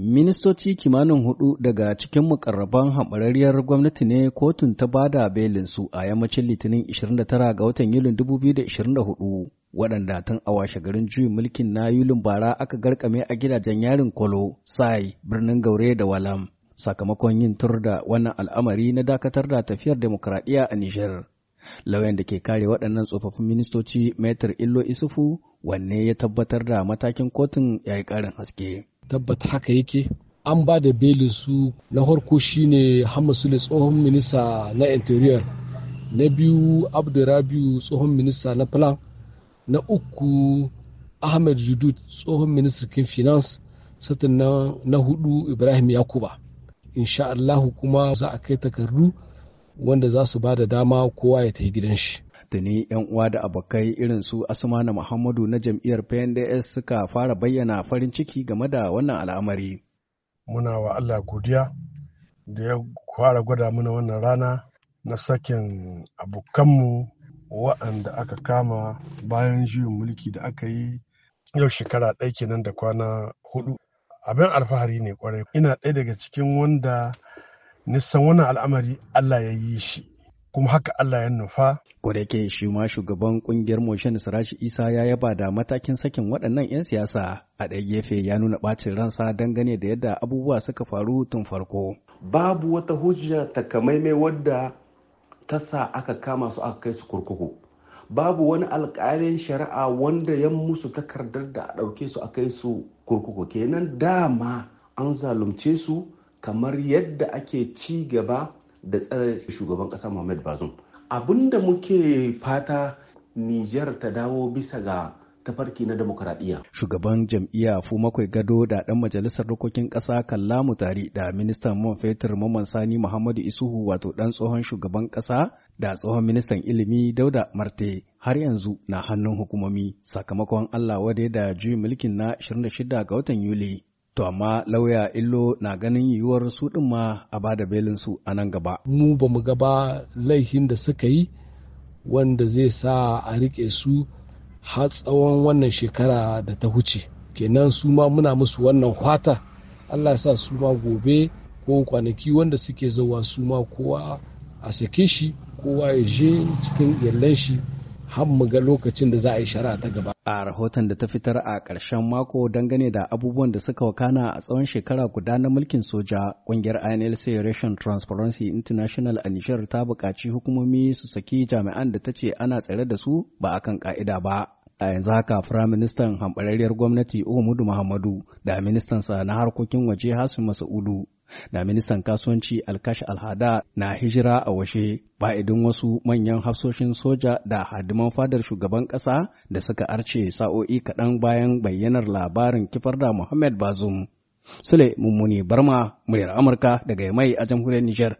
Ministoci kimanin hudu daga cikin mukarraban haɓararriyar gwamnati ne kotun ta bada belinsu a yammacin litinin 29 ga watan Yulin 2024 waɗanda tun a washe garin juyin mulkin na Yulin bara aka garkame a gidajen yarin Kolo, Sai, birnin Gaure da Walam. Sakamakon yin tur da wannan al'amari na dakatar da tafiyar demokuraɗiyya a Nijar. Lauyan da ke kare waɗannan tsofaffin ministoci Maitar Illo Isufu wanne ya tabbatar da matakin kotun ya yi ƙarin haske. tabbata haka yake an ba da belin su na farko shine hamasule tsohon minista na interior na biyu abdurabiu tsohon minista na plan na uku ahmed judu tsohon ministan finance satin na, na hudu ibrahim yakuba insha allahu kuma za a kai takardu wanda za su ba da dama kowa ya tafi gidan shi tuni yan uwa da abokai irin su asmana muhammadu na jam'iyyar pnds suka fara bayyana farin ciki game da wannan al'amari muna wa allah godiya da ya fara gwada mana wannan rana na sakin abokanmu wa'anda aka kama bayan juyin mulki da aka yi yau shekara ɗaya kenan da kwana hudu abin alfahari ne kwarai ina ɗaya daga cikin wanda nisan wannan al'amari allah ya yi shi kuma haka Allah ya nufa. ke, shi ma shugaban kungiyar Moshen Sarashi Isa ya yaba da matakin sakin waɗannan 'yan siyasa a ɗaya gefe ya nuna ɓacin ransa dangane da yadda abubuwa suka faru tun farko. Babu wata hujja takamaimai wadda ta sa aka kama su aka kai su kurkuku. Babu wani alƙalin shari'a wanda ya musu takardar da a ɗauke su a kai su kurkuku kenan dama an zalunce su kamar yadda ake ci gaba da tsare shugaban kasa Mohamed Bazoum. Abin da muke fata Nijar ta dawo bisa ga tafarki na demokuraɗiyya. Shugaban jam'iyya Fumakwai Gado da ɗan majalisar dokokin ƙasa Kalla Mutari da ministan man fetur Maman Sani Muhammadu Isuhu wato ɗan tsohon shugaban ƙasa da tsohon ministan ilimi Dauda Marte har yanzu na hannun hukumomi sakamakon Allah wade da juyin mulkin na 26 ga watan Yuli. To amma lauya illo na ganin yiwuwar su ɗin ma a bada belinsu a nan gaba. Mu ba mu gaba laihin da suka yi wanda zai sa a riƙe su har tsawon wannan shekara da ta huce. Kenan su ma muna musu wannan kwata Allah sa su ma gobe ko kwanaki wanda suke zuwa su ma kowa a sake shi kowa ya je cikin iyalan shi har mu ga lokacin da za a yi shari'a ta gaba. A rahoton da ta fitar a ƙarshen mako dangane da abubuwan da suka wakana a tsawon shekara guda na mulkin soja, ƙungiyar INLC Russian Transparency International a Nijar ta buƙaci hukumomi su saki jami'an da ta ce ana tsare da su ba akan ƙa'ida ba. a yanzu haka firaministan hambararriyar gwamnati Umudu Muhammadu da ministansa na harkokin waje Hasu Masa'udu da ministan kasuwanci Alkash Alhada na hijira a washe ba idin wasu manyan hafsoshin soja da hadiman fadar shugaban ƙasa da suka arce sa'o'i kaɗan bayan bayyanar labarin kifar da Muhammad Bazum. Sule Mummuni Barma, muryar Amurka daga mai a jamhuriyar Nijar.